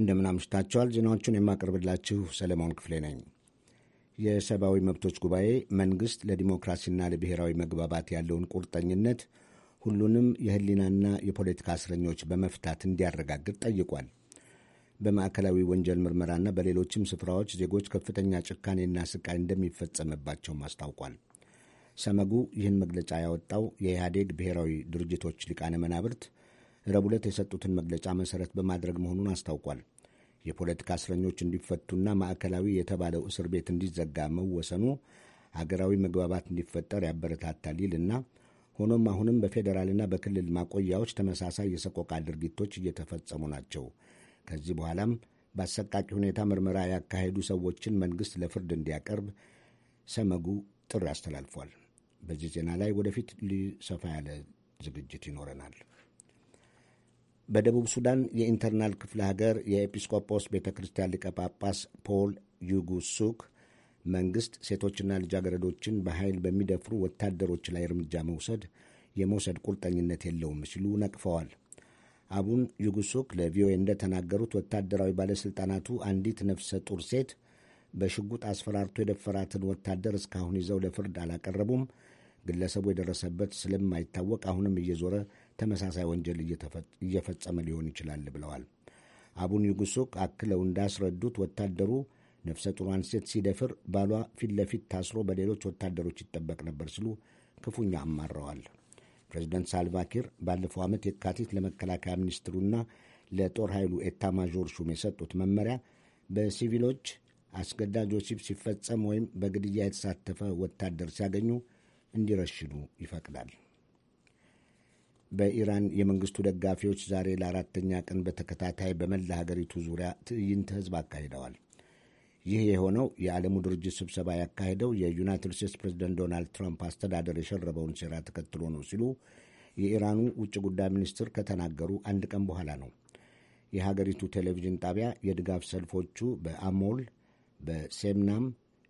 እንደምናምሽታቸዋል። ዜናዎቹን የማቀርብላችሁ ሰለሞን ክፍሌ ነኝ። የሰብአዊ መብቶች ጉባኤ መንግሥት ለዲሞክራሲና ለብሔራዊ መግባባት ያለውን ቁርጠኝነት ሁሉንም የህሊናና የፖለቲካ እስረኞች በመፍታት እንዲያረጋግጥ ጠይቋል። በማዕከላዊ ወንጀል ምርመራና በሌሎችም ስፍራዎች ዜጎች ከፍተኛ ጭካኔና ስቃይ እንደሚፈጸምባቸውም አስታውቋል። ሰመጉ ይህን መግለጫ ያወጣው የኢህአዴግ ብሔራዊ ድርጅቶች ሊቃነ መናብርት ረቡዕ ዕለት የሰጡትን መግለጫ መሠረት በማድረግ መሆኑን አስታውቋል። የፖለቲካ እስረኞች እንዲፈቱና ማዕከላዊ የተባለው እስር ቤት እንዲዘጋ መወሰኑ አገራዊ መግባባት እንዲፈጠር ያበረታታል ይልና ሆኖም አሁንም በፌዴራልና በክልል ማቆያዎች ተመሳሳይ የሰቆቃ ድርጊቶች እየተፈጸሙ ናቸው። ከዚህ በኋላም በአሰቃቂ ሁኔታ ምርመራ ያካሄዱ ሰዎችን መንግሥት ለፍርድ እንዲያቀርብ ሰመጉ ጥሪ አስተላልፏል። በዚህ ዜና ላይ ወደፊት ሰፋ ያለ ዝግጅት ይኖረናል። በደቡብ ሱዳን የኢንተርናል ክፍለ ሀገር የኤጲስቆጶስ ቤተ ክርስቲያን ሊቀ ጳጳስ ፖል ዩጉሱክ መንግሥት ሴቶችና ልጃገረዶችን በኃይል በሚደፍሩ ወታደሮች ላይ እርምጃ መውሰድ የመውሰድ ቁርጠኝነት የለውም ሲሉ ነቅፈዋል። አቡን ዩጉሱክ ለቪኦኤ እንደተናገሩት ወታደራዊ ባለሥልጣናቱ አንዲት ነፍሰ ጡር ሴት በሽጉጥ አስፈራርቶ የደፈራትን ወታደር እስካሁን ይዘው ለፍርድ አላቀረቡም። ግለሰቡ የደረሰበት ስለማይታወቅ አሁንም እየዞረ ተመሳሳይ ወንጀል እየፈጸመ ሊሆን ይችላል ብለዋል። አቡን ዩጉሱቅ አክለው እንዳስረዱት ወታደሩ ነፍሰ ጡሯን ሴት ሲደፍር ባሏ ፊት ለፊት ታስሮ በሌሎች ወታደሮች ይጠበቅ ነበር ሲሉ ክፉኛ አማረዋል። ፕሬዚደንት ሳልቫኪር ባለፈው ዓመት የካቲት ለመከላከያ ሚኒስትሩና ለጦር ኃይሉ ኤታ ማዦር ሹም የሰጡት መመሪያ በሲቪሎች አስገዳጅ ወሲብ ሲፈጸም ወይም በግድያ የተሳተፈ ወታደር ሲያገኙ እንዲረሽኑ ይፈቅዳል። በኢራን የመንግስቱ ደጋፊዎች ዛሬ ለአራተኛ ቀን በተከታታይ በመላ ሀገሪቱ ዙሪያ ትዕይንተ ህዝብ አካሂደዋል። ይህ የሆነው የዓለሙ ድርጅት ስብሰባ ያካሄደው የዩናይትድ ስቴትስ ፕሬዚደንት ዶናልድ ትራምፕ አስተዳደር የሸረበውን ሴራ ተከትሎ ነው ሲሉ የኢራኑ ውጭ ጉዳይ ሚኒስትር ከተናገሩ አንድ ቀን በኋላ ነው። የሀገሪቱ ቴሌቪዥን ጣቢያ የድጋፍ ሰልፎቹ በአሞል በሴምናም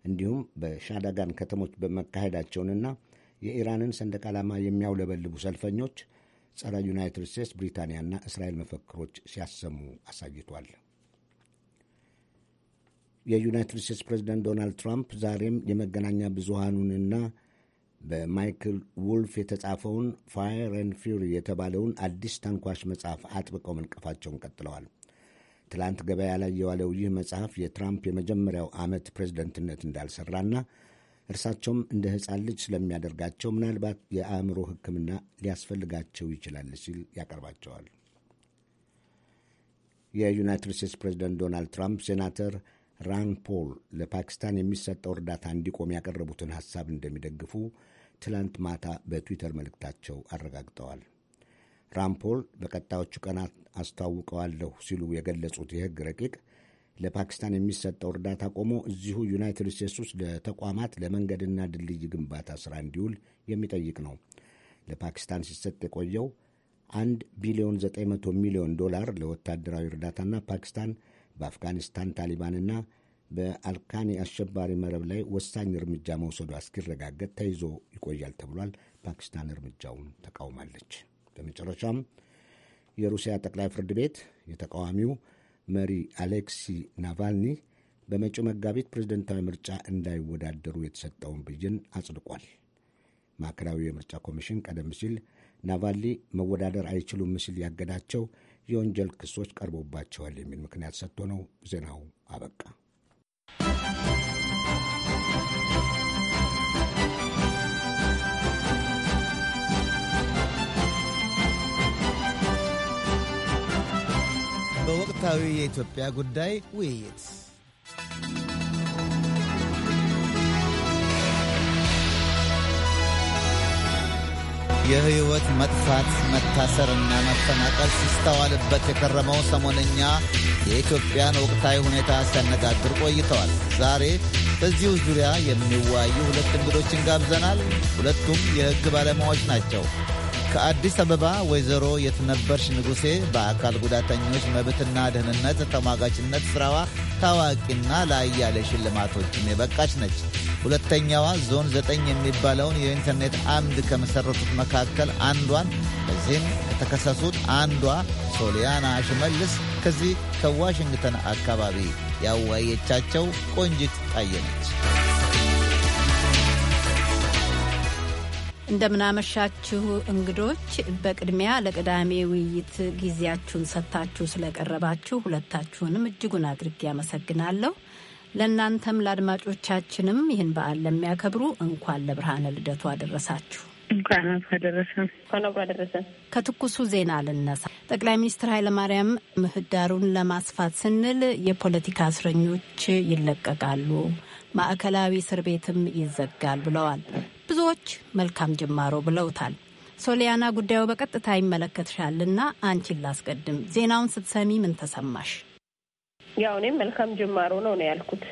እንዲሁም በሻዳጋን ከተሞች በመካሄዳቸውንና የኢራንን ሰንደቅ ዓላማ የሚያውለበልቡ ሰልፈኞች ጸረ ዩናይትድ ስቴትስ ብሪታንያና እስራኤል መፈክሮች ሲያሰሙ አሳይቷል። የዩናይትድ ስቴትስ ፕሬዚደንት ዶናልድ ትራምፕ ዛሬም የመገናኛ ብዙሃኑንና በማይክል ውልፍ የተጻፈውን ፋየር ኤንድ ፊሪ የተባለውን አዲስ ተንኳሽ መጽሐፍ አጥብቀው መንቀፋቸውን ቀጥለዋል። ትላንት ገበያ ላይ የዋለው ይህ መጽሐፍ የትራምፕ የመጀመሪያው ዓመት ፕሬዝደንትነት እንዳልሰራና እርሳቸውም እንደ ሕፃን ልጅ ስለሚያደርጋቸው ምናልባት የአእምሮ ሕክምና ሊያስፈልጋቸው ይችላል ሲል ያቀርባቸዋል። የዩናይትድ ስቴትስ ፕሬዚደንት ዶናልድ ትራምፕ ሴናተር ራን ፖል ለፓኪስታን የሚሰጠው እርዳታ እንዲቆም ያቀረቡትን ሐሳብ እንደሚደግፉ ትላንት ማታ በትዊተር መልእክታቸው አረጋግጠዋል። ራምፖል በቀጣዮቹ ቀናት አስተዋውቀዋለሁ ሲሉ የገለጹት የሕግ ረቂቅ ለፓኪስታን የሚሰጠው እርዳታ ቆሞ እዚሁ ዩናይትድ ስቴትስ ውስጥ ለተቋማት ለመንገድና ድልድይ ግንባታ ስራ እንዲውል የሚጠይቅ ነው። ለፓኪስታን ሲሰጥ የቆየው 1 ቢሊዮን 900 ሚሊዮን ዶላር ለወታደራዊ እርዳታና ፓኪስታን በአፍጋኒስታን ታሊባንና በአልካኒ አሸባሪ መረብ ላይ ወሳኝ እርምጃ መውሰዱ እስኪረጋገጥ ተይዞ ይቆያል ተብሏል። ፓኪስታን እርምጃውን ተቃውማለች። በመጨረሻም የሩሲያ ጠቅላይ ፍርድ ቤት የተቃዋሚው መሪ አሌክሲ ናቫልኒ በመጪው መጋቢት ፕሬዝደንታዊ ምርጫ እንዳይወዳደሩ የተሰጠውን ብይን አጽድቋል። ማዕከላዊ የምርጫ ኮሚሽን ቀደም ሲል ናቫልኒ መወዳደር አይችሉም ሲል ያገዳቸው የወንጀል ክሶች ቀርቦባቸዋል የሚል ምክንያት ሰጥቶ ነው። ዜናው አበቃ። ወቅታዊ የኢትዮጵያ ጉዳይ ውይይት የሕይወት መጥፋት መታሰርና መፈናቀል ሲስተዋልበት የከረመው ሰሞነኛ የኢትዮጵያን ወቅታዊ ሁኔታ ሲያነጋግር ቆይተዋል። ዛሬ በዚሁ ዙሪያ የሚወያዩ ሁለት እንግዶችን ጋብዘናል። ሁለቱም የሕግ ባለሙያዎች ናቸው። ከአዲስ አበባ ወይዘሮ የትነበርሽ ንጉሴ በአካል ጉዳተኞች መብትና ደህንነት ተሟጋችነት ስራዋ ታዋቂና ለአያሌ ሽልማቶችን የበቃች ነች። ሁለተኛዋ ዞን ዘጠኝ የሚባለውን የኢንተርኔት አምድ ከመሠረቱት መካከል አንዷን በዚህም ከተከሰሱት አንዷ ሶሊያና ሽመልስ ከዚህ ከዋሽንግተን አካባቢ ያወያየቻቸው ቆንጅት ታየነች። ነች። እንደምናመሻችሁ እንግዶች፣ በቅድሚያ ለቅዳሜ ውይይት ጊዜያችሁን ሰጥታችሁ ስለቀረባችሁ ሁለታችሁንም እጅጉን አድርጌ ያመሰግናለሁ። ለእናንተም ለአድማጮቻችንም ይህን በዓል ለሚያከብሩ እንኳን ለብርሃነ ልደቱ አደረሳችሁ። እንኳን ከትኩሱ ዜና ልነሳ። ጠቅላይ ሚኒስትር ኃይለማርያም ምህዳሩን ለማስፋት ስንል የፖለቲካ እስረኞች ይለቀቃሉ ማዕከላዊ እስር ቤትም ይዘጋል ብለዋል። ብዙዎች መልካም ጅማሮ ብለውታል። ሶሊያና ጉዳዩ በቀጥታ ይመለከትሻልና አንቺን ላስቀድም። ዜናውን ስትሰሚ ምን ተሰማሽ? ያው እኔም መልካም ጅማሮ ነው ነው ያልኩት።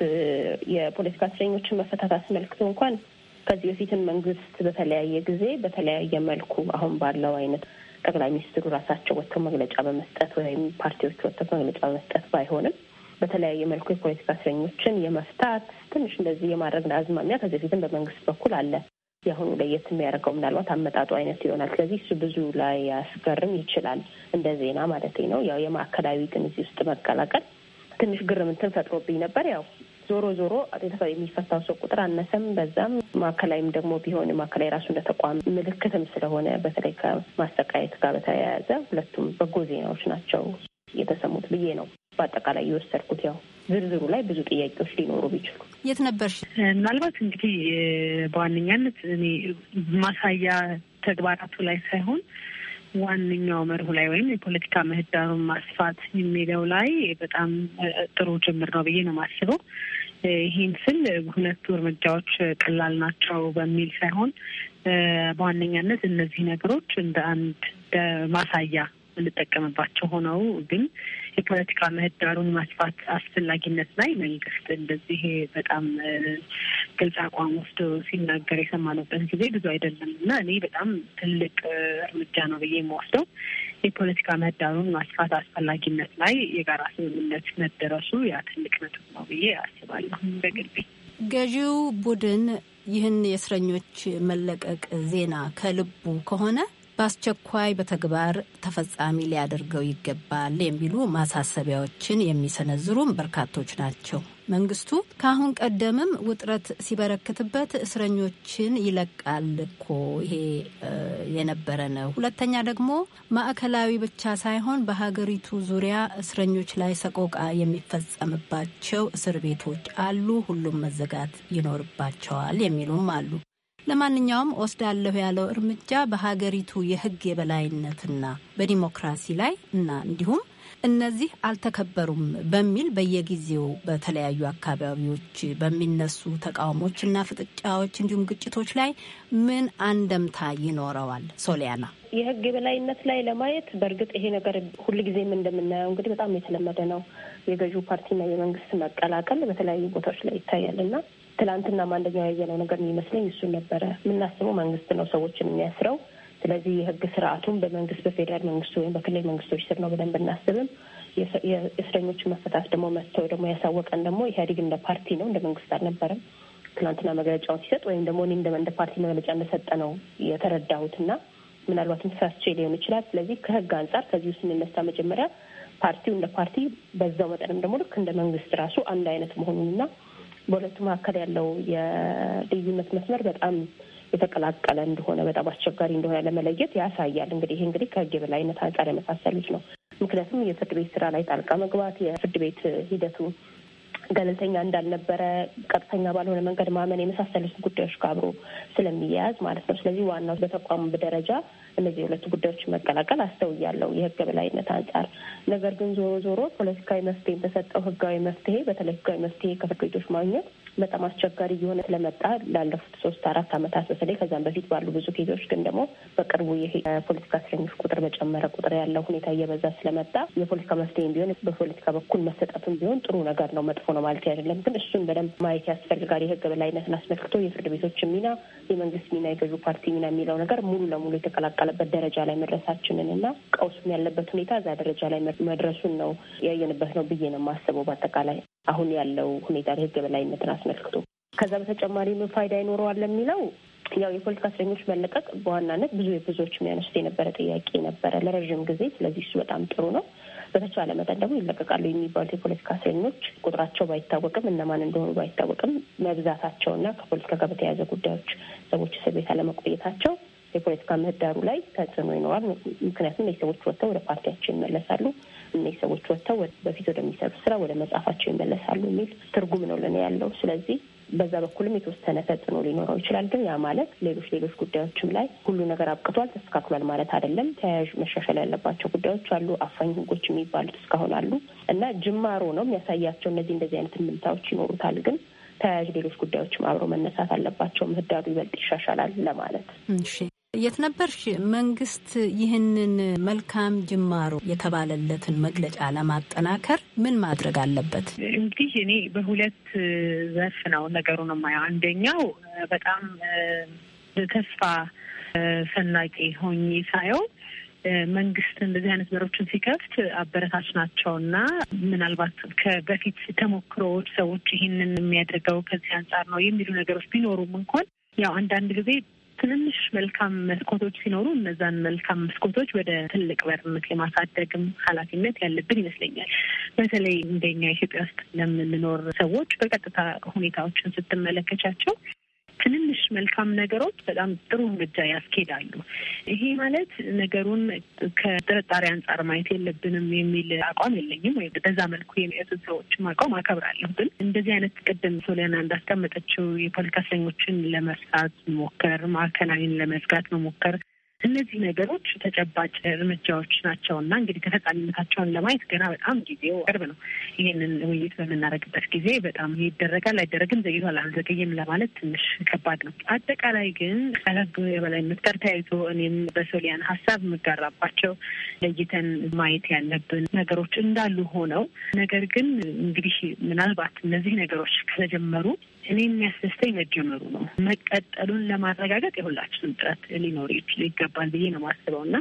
የፖለቲካ እስረኞችን መፈታት አስመልክቶ እንኳን ከዚህ በፊትም መንግስት በተለያየ ጊዜ በተለያየ መልኩ አሁን ባለው አይነት ጠቅላይ ሚኒስትሩ ራሳቸው ወጥተው መግለጫ በመስጠት ወይም ፓርቲዎች ወጥተው መግለጫ በመስጠት ባይሆንም በተለያየ መልኩ የፖለቲካ እስረኞችን የመፍታት ትንሽ እንደዚህ የማድረግ አዝማሚያ ከዚህ በፊትም በመንግስት በኩል አለ። የአሁኑ ለየት የሚያደርገው ምናልባት አመጣጡ አይነት ይሆናል። ስለዚህ እሱ ብዙ ላይ ያስገርም ይችላል፣ እንደ ዜና ማለት ነው። ያው የማዕከላዊ ግን እዚህ ውስጥ መቀላቀል ትንሽ ግርምትን ፈጥሮብኝ ነበር። ያው ዞሮ ዞሮ የሚፈታው ሰው ቁጥር አነሰም በዛም ማዕከላዊም ደግሞ ቢሆን ማዕከላዊ ራሱ እንደ ተቋም ምልክትም ስለሆነ በተለይ ከማሰቃየት ጋር በተያያዘ ሁለቱም በጎ ዜናዎች ናቸው የተሰሙት ብዬ ነው በአጠቃላይ የወሰድኩት ያው ዝርዝሩ ላይ ብዙ ጥያቄዎች ሊኖሩ ቢችሉ የት ነበርሽ? ምናልባት እንግዲህ በዋነኛነት እኔ ማሳያ ተግባራቱ ላይ ሳይሆን ዋነኛው መርሁ ላይ ወይም የፖለቲካ ምህዳሩን ማስፋት የሚለው ላይ በጣም ጥሩ ጅምር ነው ብዬ ነው የማስበው። ይህን ስል ሁለቱ እርምጃዎች ቀላል ናቸው በሚል ሳይሆን በዋነኛነት እነዚህ ነገሮች እንደ አንድ ማሳያ የምንጠቀምባቸው ሆነው ግን የፖለቲካ ምህዳሩን ማስፋት አስፈላጊነት ላይ መንግስት እንደዚህ በጣም ግልጽ አቋም ወስዶ ሲናገር የሰማነበት ጊዜ ብዙ አይደለም እና እኔ በጣም ትልቅ እርምጃ ነው ብዬ የምወስደው የፖለቲካ ምህዳሩን ማስፋት አስፈላጊነት ላይ የጋራ ስምምነት መደረሱ ያ ትልቅ ነጥብ ነው ብዬ አስባለሁ። በግልቤ ገዢው ቡድን ይህን የእስረኞች መለቀቅ ዜና ከልቡ ከሆነ በአስቸኳይ በተግባር ተፈጻሚ ሊያደርገው ይገባል የሚሉ ማሳሰቢያዎችን የሚሰነዝሩም በርካቶች ናቸው። መንግስቱ ከአሁን ቀደምም ውጥረት ሲበረክትበት እስረኞችን ይለቃል እኮ ይሄ የነበረ ነው። ሁለተኛ ደግሞ ማዕከላዊ ብቻ ሳይሆን በሀገሪቱ ዙሪያ እስረኞች ላይ ሰቆቃ የሚፈጸምባቸው እስር ቤቶች አሉ፣ ሁሉም መዘጋት ይኖርባቸዋል የሚሉም አሉ። ለማንኛውም ወስዳለሁ ያለው እርምጃ በሀገሪቱ የህግ የበላይነትና በዲሞክራሲ ላይ እና እንዲሁም እነዚህ አልተከበሩም በሚል በየጊዜው በተለያዩ አካባቢዎች በሚነሱ እና ፍጥጫዎች እንዲሁም ግጭቶች ላይ ምን አንደምታ ይኖረዋል? ሶሊያና፣ የህግ የበላይነት ላይ ለማየት በእርግጥ ይሄ ነገር ሁልጊዜም እንደምናየው እንግዲህ በጣም የተለመደ ነው። የገዢው ፓርቲና የመንግስት መቀላቀል በተለያዩ ቦታዎች ላይ ይታያል እና ትላንትና አንደኛው ያየነው ነገር የሚመስለኝ እሱን ነበረ። የምናስበው መንግስት ነው ሰዎችን የሚያስረው። ስለዚህ የህግ ስርዓቱን በመንግስት በፌዴራል መንግስቱ ወይም በክልል መንግስቶች ስር ነው ብለን ብናስብም የእስረኞች መፈታት ደግሞ መጥተው ደግሞ ያሳወቀን ደግሞ ኢህአዴግ እንደ ፓርቲ ነው እንደ መንግስት አልነበረም ትላንትና መግለጫውን ሲሰጥ ወይም ደግሞ እኔ እንደ ፓርቲ መግለጫ እንደሰጠ ነው የተረዳሁትና ምናልባትም ተሳስቼ ሊሆን ይችላል። ስለዚህ ከህግ አንጻር ከዚህ ውስጥ ስንነሳ መጀመሪያ ፓርቲው እንደ ፓርቲ በዛው መጠንም ደግሞ ልክ እንደ መንግስት ራሱ አንድ አይነት መሆኑንና በሁለቱ መካከል ያለው የልዩነት መስመር በጣም የተቀላቀለ እንደሆነ በጣም አስቸጋሪ እንደሆነ ለመለየት ያሳያል። እንግዲህ ይሄ እንግዲህ ከህግ የበላይነት አንጻር የመሳሰሉት ነው። ምክንያቱም የፍርድ ቤት ስራ ላይ ጣልቃ መግባት፣ የፍርድ ቤት ሂደቱ ገለልተኛ እንዳልነበረ ቀጥተኛ ባልሆነ መንገድ ማመን የመሳሰሉት ጉዳዮች ጋር አብሮ ስለሚያያዝ ማለት ነው። ስለዚህ ዋናው በተቋም ደረጃ እነዚህ ሁለቱ ጉዳዮች መቀላቀል አስተውያለሁ የህገ በላይነት አንጻር። ነገር ግን ዞሮ ዞሮ ፖለቲካዊ መፍትሄ የተሰጠው ህጋዊ መፍትሄ በተለይ ህጋዊ መፍትሄ ከፍርድ ቤቶች ማግኘት በጣም አስቸጋሪ እየሆነ ስለመጣ ላለፉት ሶስት አራት ዓመታት በተለይ ከዛም በፊት ባሉ ብዙ ኬዞች ግን ደግሞ በቅርቡ ይሄ የፖለቲካ እስረኞች ቁጥር በጨመረ ቁጥር ያለው ሁኔታ እየበዛ ስለመጣ የፖለቲካ መፍትሄ ቢሆን በፖለቲካ በኩል መሰጠቱም ቢሆን ጥሩ ነገር ነው፣ መጥፎ ነው ማለት አይደለም። ግን እሱን በደንብ ማየት ያስፈልጋል። የህገ በላይነትን አስመልክቶ የፍርድ ቤቶች ሚና፣ የመንግስት ሚና፣ የገዢው ፓርቲ ሚና የሚለው ነገር ሙሉ ለሙሉ የተቀላቀለ የተባለበት ደረጃ ላይ መድረሳችንን እና ቀውሱም ያለበት ሁኔታ እዛ ደረጃ ላይ መድረሱን ነው ያየንበት ነው ብዬ ነው የማስበው። በአጠቃላይ አሁን ያለው ሁኔታ የህግ በላይነትን አስመልክቶ ከዛ በተጨማሪ ምን ፋይዳ ይኖረዋል ለሚለው ያው የፖለቲካ እስረኞች መለቀቅ በዋናነት ብዙ የብዙዎች የሚያነሱት የነበረ ጥያቄ ነበረ ለረዥም ጊዜ። ስለዚህ እሱ በጣም ጥሩ ነው። በተቻለ መጠን ደግሞ ይለቀቃሉ የሚባሉት የፖለቲካ እስረኞች ቁጥራቸው ባይታወቅም እነማን እንደሆኑ ባይታወቅም መብዛታቸውና ከፖለቲካ ጋር በተያያዘ ጉዳዮች ሰዎች እስር ቤት አለመቆየታቸው የፖለቲካ ምህዳሩ ላይ ተጽዕኖ ይኖራል። ምክንያቱም እነዚህ ሰዎች ወጥተው ወደ ፓርቲያቸው ይመለሳሉ፣ እነዚህ ሰዎች ወጥተው በፊት ወደሚሰሩ ስራ ወደ መጽሐፋቸው ይመለሳሉ የሚል ትርጉም ነው ለእኔ ያለው። ስለዚህ በዛ በኩልም የተወሰነ ተጽዕኖ ሊኖረው ይችላል። ግን ያ ማለት ሌሎች ሌሎች ጉዳዮችም ላይ ሁሉ ነገር አብቅቷል፣ ተስተካክሏል ማለት አይደለም። ተያያዥ መሻሻል ያለባቸው ጉዳዮች አሉ። አፋኝ ህጎች የሚባሉት እስካሁን አሉ እና ጅማሮ ነው የሚያሳያቸው። እነዚህ እንደዚህ አይነት ምልታዎች ይኖሩታል ግን ተያያዥ ሌሎች ጉዳዮችም አብረው መነሳት አለባቸው። ምህዳሩ ይበልጥ ይሻሻላል ለማለት እሺ። የት ነበርሽ? መንግስት ይህንን መልካም ጅማሮ የተባለለትን መግለጫ ለማጠናከር ምን ማድረግ አለበት? እንግዲህ እኔ በሁለት ዘርፍ ነው ነገሩን የማየው። አንደኛው በጣም ተስፋ ሰናቂ ሆኜ ሳየው መንግስት እንደዚህ አይነት በሮችን ሲከፍት አበረታች ናቸው እና ምናልባት ከበፊት ተሞክሮዎች ሰዎች ይህንን የሚያደርገው ከዚህ አንጻር ነው የሚሉ ነገሮች ቢኖሩም እንኳን ያው አንዳንድ ጊዜ ትንንሽ መልካም መስኮቶች ሲኖሩ እነዛን መልካም መስኮቶች ወደ ትልቅ በርነት የማሳደግም ኃላፊነት ያለብን ይመስለኛል። በተለይ እንደኛ ኢትዮጵያ ውስጥ ለምንኖር ሰዎች በቀጥታ ሁኔታዎችን ስትመለከቻቸው ትንንሽ መልካም ነገሮች በጣም ጥሩ እርምጃ ያስኬዳሉ። ይሄ ማለት ነገሩን ከጥርጣሬ አንጻር ማየት የለብንም የሚል አቋም የለኝም፣ ወይም በዛ መልኩ የሚያዩትን ሰዎችም አቋም አከብራለሁ። ግን እንደዚህ አይነት ቅድም ሶሊያና እንዳስቀመጠችው የፖለቲካ እስረኞችን ለመርሳት መሞከር፣ ማዕከላዊን ለመዝጋት መሞከር እነዚህ ነገሮች ተጨባጭ እርምጃዎች ናቸው እና እንግዲህ ተፈጻሚነታቸውን ለማየት ገና በጣም ጊዜው ቅርብ ነው። ይህንን ውይይት በምናደርግበት ጊዜ በጣም ይደረጋል አይደረግም፣ ዘግይቷል አልዘገይም ለማለት ትንሽ ከባድ ነው። አጠቃላይ ግን ከህግ የበላይነት ጋር ተያይዞ እኔም በሶሊያን ሀሳብ የምጋራባቸው ለይተን ማየት ያለብን ነገሮች እንዳሉ ሆነው ነገር ግን እንግዲህ ምናልባት እነዚህ ነገሮች ከተጀመሩ እኔ የሚያስደስተኝ መጀመሩ ነው። መቀጠሉን ለማረጋገጥ የሁላችንም ጥረት ሊኖር ይችል ይገባል ብዬ ነው የማስበው እና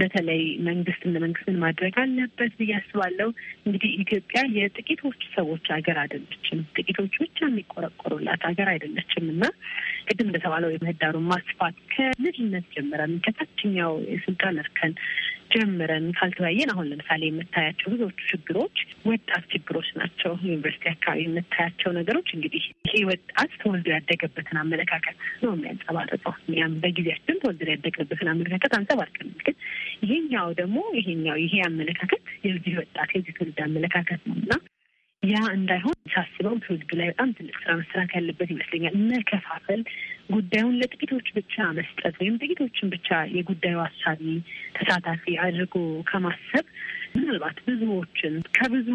በተለይ መንግስት እንደ መንግስት ምን ማድረግ አለበት ብዬ አስባለሁ። እንግዲህ ኢትዮጵያ የጥቂቶች ሰዎች ሀገር አይደለችም፣ ጥቂቶች ብቻ የሚቆረቆሩላት ሀገር አይደለችም እና ቅድም እንደተባለው የምህዳሩን ማስፋት ከልጅነት ጀምረን ከታችኛው የስልጣን እርከን ጀምረን ካልተወያየን አሁን ለምሳሌ የምታያቸው ብዙዎቹ ችግሮች ወጣት ችግሮች ናቸው። ዩኒቨርሲቲ አካባቢ የምታያቸው ነገሮች እንግዲህ ይሄ ወጣት ተወልዶ ያደገበትን አመለካከት ነው የሚያንጸባርቀው። እኛም በጊዜያችን ተወልዶ ያደገበትን አመለካከት አንጸባርቀን፣ ግን ይሄኛው ደግሞ ይሄኛው ይሄ አመለካከት የዚህ ወጣት የዚህ ትውልድ አመለካከት ነው እና ያ እንዳይሆን ሳስበው ትውልድ ላይ በጣም ትልቅ ስራ መሰራት ያለበት ይመስለኛል። መከፋፈል፣ ጉዳዩን ለጥቂቶች ብቻ መስጠት ወይም ጥቂቶችን ብቻ የጉዳዩ አሳቢ ተሳታፊ አድርጎ ከማሰብ ምናልባት ብዙዎችን ከብዙ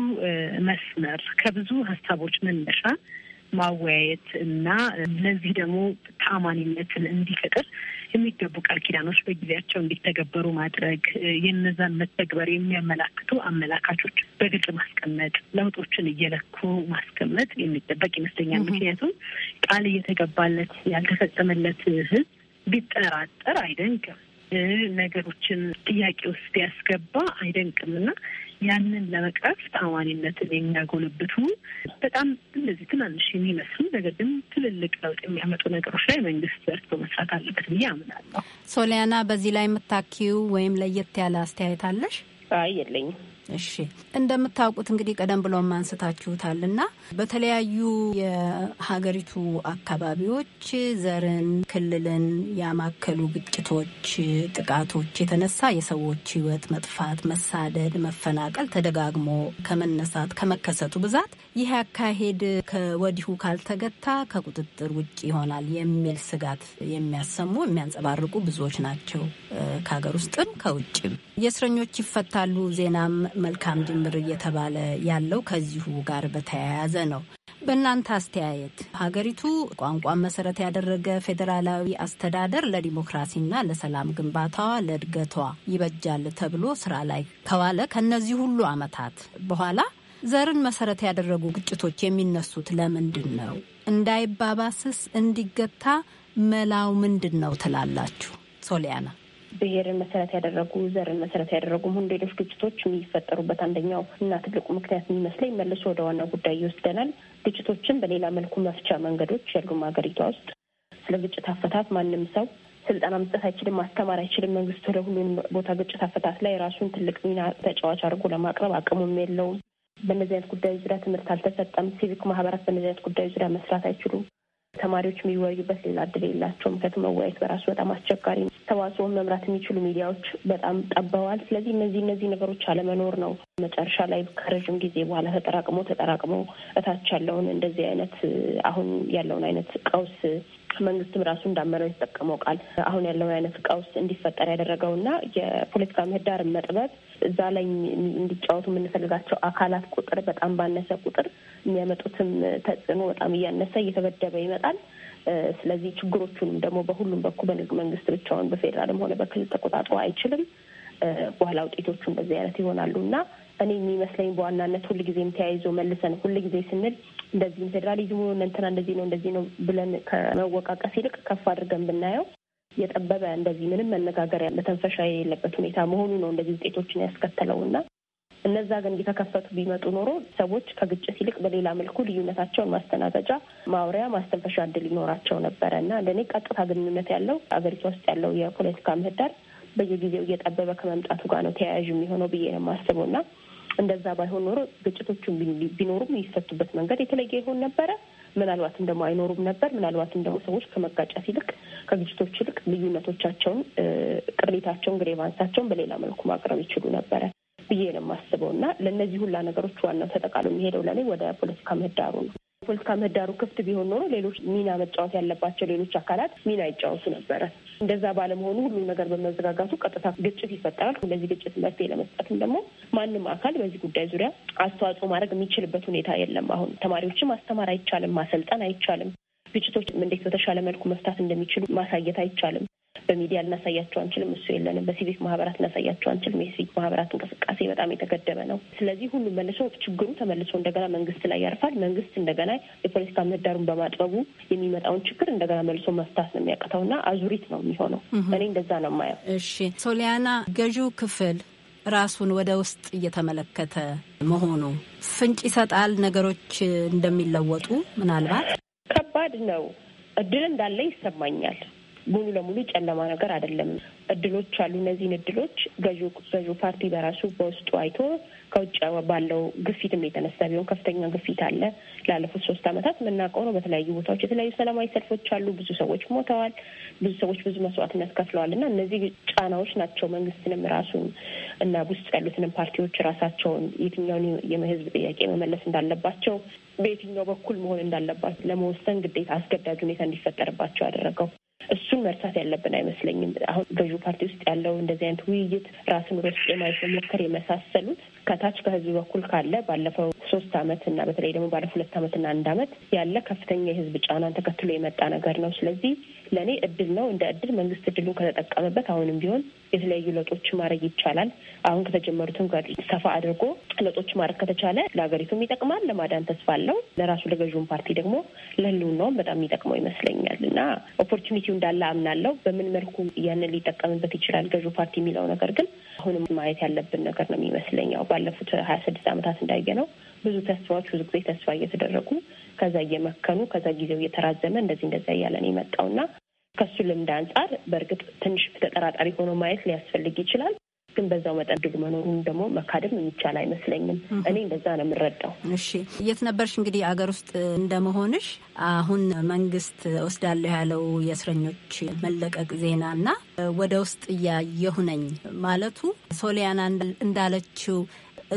መስመር ከብዙ ሀሳቦች መነሻ ማወያየት እና ለዚህ ደግሞ ተአማኒነትን እንዲፈጥር የሚገቡ ቃል ኪዳኖች በጊዜያቸው እንዲተገበሩ ማድረግ የነዛን መተግበር የሚያመላክቱ አመላካቾች በግልጽ ማስቀመጥ፣ ለውጦችን እየለኩ ማስቀመጥ የሚጠበቅ ይመስለኛል። ምክንያቱም ቃል እየተገባለት ያልተፈጸመለት ሕዝብ ቢጠራጠር አይደንቅም ነገሮችን ጥያቄ ውስጥ ቢያስገባ አይደንቅም እና ያንን ለመቅረፍ ተአማኒነትን የሚያጎለብቱ በጣም እነዚህ ትናንሽ የሚመስሉ ነገር ግን ትልልቅ ለውጥ የሚያመጡ ነገሮች ላይ መንግስት ዘርቶ መስራት አለበት ብዬ አምናለሁ። ሶሊያና፣ በዚህ ላይ የምታኪው ወይም ለየት ያለ አስተያየት አለሽ? አይ የለኝም። እሺ እንደምታውቁት እንግዲህ ቀደም ብሎም አንስታችሁታል እና በተለያዩ የሀገሪቱ አካባቢዎች ዘርን፣ ክልልን ያማከሉ ግጭቶች፣ ጥቃቶች የተነሳ የሰዎች ህይወት መጥፋት፣ መሳደድ፣ መፈናቀል ተደጋግሞ ከመነሳት ከመከሰቱ ብዛት ይህ አካሄድ ከወዲሁ ካልተገታ ከቁጥጥር ውጭ ይሆናል የሚል ስጋት የሚያሰሙ የሚያንጸባርቁ ብዙዎች ናቸው ከሀገር ውስጥም ከውጭም። የእስረኞች ይፈታሉ ዜናም መልካም ጅምር እየተባለ ያለው ከዚሁ ጋር በተያያዘ ነው። በእናንተ አስተያየት ሀገሪቱ ቋንቋን መሰረት ያደረገ ፌዴራላዊ አስተዳደር ለዲሞክራሲና ለሰላም ግንባታዋ ለእድገቷ ይበጃል ተብሎ ስራ ላይ ከዋለ ከነዚህ ሁሉ አመታት በኋላ ዘርን መሰረት ያደረጉ ግጭቶች የሚነሱት ለምንድን ነው? እንዳይባባስስ እንዲገታ መላው ምንድን ነው ትላላችሁ? ሶሊያና ብሔርን መሰረት ያደረጉ ዘርን መሰረት ያደረጉ ሁን ሌሎች ግጭቶች የሚፈጠሩበት አንደኛው እና ትልቁ ምክንያት የሚመስለኝ መልሶ ወደ ዋና ጉዳይ ይወስደናል። ግጭቶችን በሌላ መልኩ መፍቻ መንገዶች ያሉም ሀገሪቷ ውስጥ ስለ ግጭት አፈታት ማንም ሰው ስልጠና መስጠት አይችልም፣ ማስተማር አይችልም። መንግስት ለሁሉንም ቦታ ግጭት አፈታት ላይ ራሱን ትልቅ ሚና ተጫዋች አድርጎ ለማቅረብ አቅሙም የለውም። በእነዚህ አይነት ጉዳዮች ዙሪያ ትምህርት አልተሰጠም። ሲቪክ ማህበራት በእነዚህ አይነት ጉዳዮች ዙሪያ መስራት አይችሉም። ተማሪዎች የሚወያዩበት ሌላ እድል የላቸውም። ምክንያቱም መወያየት በራሱ በጣም አስቸጋሪ፣ ተዋጽኦን መምራት የሚችሉ ሚዲያዎች በጣም ጠበዋል። ስለዚህ እነዚህ እነዚህ ነገሮች አለመኖር ነው መጨረሻ ላይ ከረዥም ጊዜ በኋላ ተጠራቅሞ ተጠራቅሞ እታች ያለውን እንደዚህ አይነት አሁን ያለውን አይነት ቀውስ መንግስትም ራሱ እንዳመነው የተጠቀመው ቃል አሁን ያለውን አይነት ቀውስ እንዲፈጠር ያደረገው እና የፖለቲካ ምህዳር መጥበብ እዛ ላይ እንዲጫወቱ የምንፈልጋቸው አካላት ቁጥር በጣም ባነሰ ቁጥር የሚያመጡትም ተጽዕኖ በጣም እያነሰ እየተገደበ ይመጣል። ስለዚህ ችግሮቹንም ደግሞ በሁሉም በኩል መንግስት ብቻውን በፌዴራልም ሆነ በክልል ተቆጣጥሮ አይችልም። በኋላ ውጤቶቹ እንደዚህ አይነት ይሆናሉ እና እኔ የሚመስለኝ በዋናነት ሁልጊዜም ተያይዞ መልሰን ሁልጊዜ ስንል እንደዚህም ፌዴራሊዝሙ እንትና እንደዚህ ነው እንደዚህ ነው ብለን ከመወቃቀስ ይልቅ ከፍ አድርገን ብናየው የጠበበ እንደዚህ ምንም ያለ ተንፈሻ የሌለበት ሁኔታ መሆኑ ነው እንደዚህ ውጤቶችን ያስከተለው እና እነዛ ግን እየተከፈቱ ቢመጡ ኖሮ ሰዎች ከግጭት ይልቅ በሌላ መልኩ ልዩነታቸውን ማስተናገጃ፣ ማውሪያ፣ ማስተንፈሻ እድል ይኖራቸው ነበረ እና ለእኔ ቀጥታ ግንኙነት ያለው አገሪቷ ውስጥ ያለው የፖለቲካ ምህዳር በየጊዜው እየጠበበ ከመምጣቱ ጋር ነው ተያያዥ የሚሆነው ብዬ ነው የማስበው እና እንደዛ ባይሆን ኖሮ ግጭቶቹ ቢኖሩም የሚፈቱበት መንገድ የተለየ ይሆን ነበረ። ምናልባትም ደግሞ አይኖሩም ነበር። ምናልባትም ደግሞ ሰዎች ከመጋጨት ይልቅ ከግጭቶች ይልቅ ልዩነቶቻቸውን፣ ቅሬታቸውን፣ ግሬቫንሳቸውን በሌላ መልኩ ማቅረብ ይችሉ ነበረ ብዬ ነው የማስበው እና ለእነዚህ ሁላ ነገሮች ዋናው ተጠቃሎ የሚሄደው ለእኔ ወደ ፖለቲካ ምህዳሩ ነው። ፖለቲካ ምህዳሩ ክፍት ቢሆን ኖሮ ሌሎች ሚና መጫወት ያለባቸው ሌሎች አካላት ሚና ይጫወቱ ነበረ። እንደዛ ባለመሆኑ ሁሉ ነገር በመዘጋጋቱ ቀጥታ ግጭት ይፈጠራል። ለዚህ ግጭት መፍትሄ ለመስጠትም ደግሞ ማንም አካል በዚህ ጉዳይ ዙሪያ አስተዋጽኦ ማድረግ የሚችልበት ሁኔታ የለም። አሁን ተማሪዎችን ማስተማር አይቻልም፣ ማሰልጠን አይቻልም። ግጭቶች እንዴት በተሻለ መልኩ መፍታት እንደሚችሉ ማሳየት አይቻልም። በሚዲያ ልናሳያቸው አንችልም። እሱ የለንም። በሲቪክ ማህበራት ልናሳያቸው አንችልም። የሲቪክ ማህበራት እንቅስቃሴ በጣም የተገደበ ነው። ስለዚህ ሁሉ መልሶ ችግሩ ተመልሶ እንደገና መንግስት ላይ ያርፋል። መንግስት እንደገና የፖለቲካ ምህዳሩን በማጥበቡ የሚመጣውን ችግር እንደገና መልሶ መፍታት ነው እና አዙሪት ነው የሚሆነው። እኔ እንደዛ ነው ማየው። እሺ ሶሊያና፣ ገዢው ክፍል ራሱን ወደ ውስጥ እየተመለከተ መሆኑ ፍንጭ ይሰጣል ነገሮች እንደሚለወጡ ምናልባት። ከባድ ነው። እድል እንዳለ ይሰማኛል ሙሉ ለሙሉ ጨለማ ነገር አይደለም። እድሎች አሉ። እነዚህን እድሎች ገዢ ፓርቲ በራሱ በውስጡ አይቶ ከውጭ ባለው ግፊትም የተነሳ ቢሆን ከፍተኛ ግፊት አለ። ላለፉት ሶስት ዓመታት የምናውቀው ነው። በተለያዩ ቦታዎች የተለያዩ ሰላማዊ ሰልፎች አሉ። ብዙ ሰዎች ሞተዋል። ብዙ ሰዎች ብዙ መስዋዕትነት ከፍለዋል እና እነዚህ ጫናዎች ናቸው መንግስትንም ራሱን እና ውስጥ ያሉትንም ፓርቲዎች ራሳቸውን የትኛውን የህዝብ ጥያቄ መመለስ እንዳለባቸው በየትኛው በኩል መሆን እንዳለባት ለመወሰን ግዴታ አስገዳጅ ሁኔታ እንዲፈጠርባቸው ያደረገው እሱን መርሳት ያለብን አይመስለኝም። አሁን ገዢው ፓርቲ ውስጥ ያለው እንደዚህ አይነት ውይይት ራስን ወደ ውስጥ የመሳሰሉት ከታች ከህዝብ በኩል ካለ ባለፈው ሶስት አመት እና በተለይ ደግሞ ባለፈው ሁለት አመት እና አንድ አመት ያለ ከፍተኛ የህዝብ ጫናን ተከትሎ የመጣ ነገር ነው። ስለዚህ ለእኔ እድል ነው። እንደ እድል መንግስት እድሉን ከተጠቀመበት አሁንም ቢሆን የተለያዩ ለውጦች ማድረግ ይቻላል። አሁን ከተጀመሩትም ጋር ሰፋ አድርጎ ለውጦች ማድረግ ከተቻለ ለሀገሪቱም ይጠቅማል፣ ለማዳን ተስፋ አለው። ለራሱ ለገዥውን ፓርቲ ደግሞ ለህልውናውም በጣም ይጠቅመው ይመስለኛል እና ኦፖርቹኒቲው እንዳለ አምናለው። በምን መልኩ ያንን ሊጠቀምበት ይችላል ገዥው ፓርቲ የሚለው ነገር ግን አሁንም ማየት ያለብን ነገር ነው የሚመስለኛው ባለፉት ሀያ ስድስት ዓመታት እንዳየ ነው ብዙ ተስፋዎች ብዙ ጊዜ ተስፋ እየተደረጉ ከዛ እየመከኑ ከዛ ጊዜው እየተራዘመ እንደዚህ እንደዚያ እያለን የመጣው የመጣውና ከሱ ልምድ አንጻር በእርግጥ ትንሽ ተጠራጣሪ ሆኖ ማየት ሊያስፈልግ ይችላል። ግን በዛው መጠን ድግ መኖሩን ደግሞ መካደም የሚቻል አይመስለኝም። እኔ እንደዛ ነው የምረዳው። እሺ፣ የት ነበርሽ እንግዲህ አገር ውስጥ እንደመሆንሽ አሁን መንግስት ወስዳለሁ ያለው የእስረኞች መለቀቅ ዜና እና ወደ ውስጥ እያየሁ ነኝ ማለቱ ሶሊያና እንዳለችው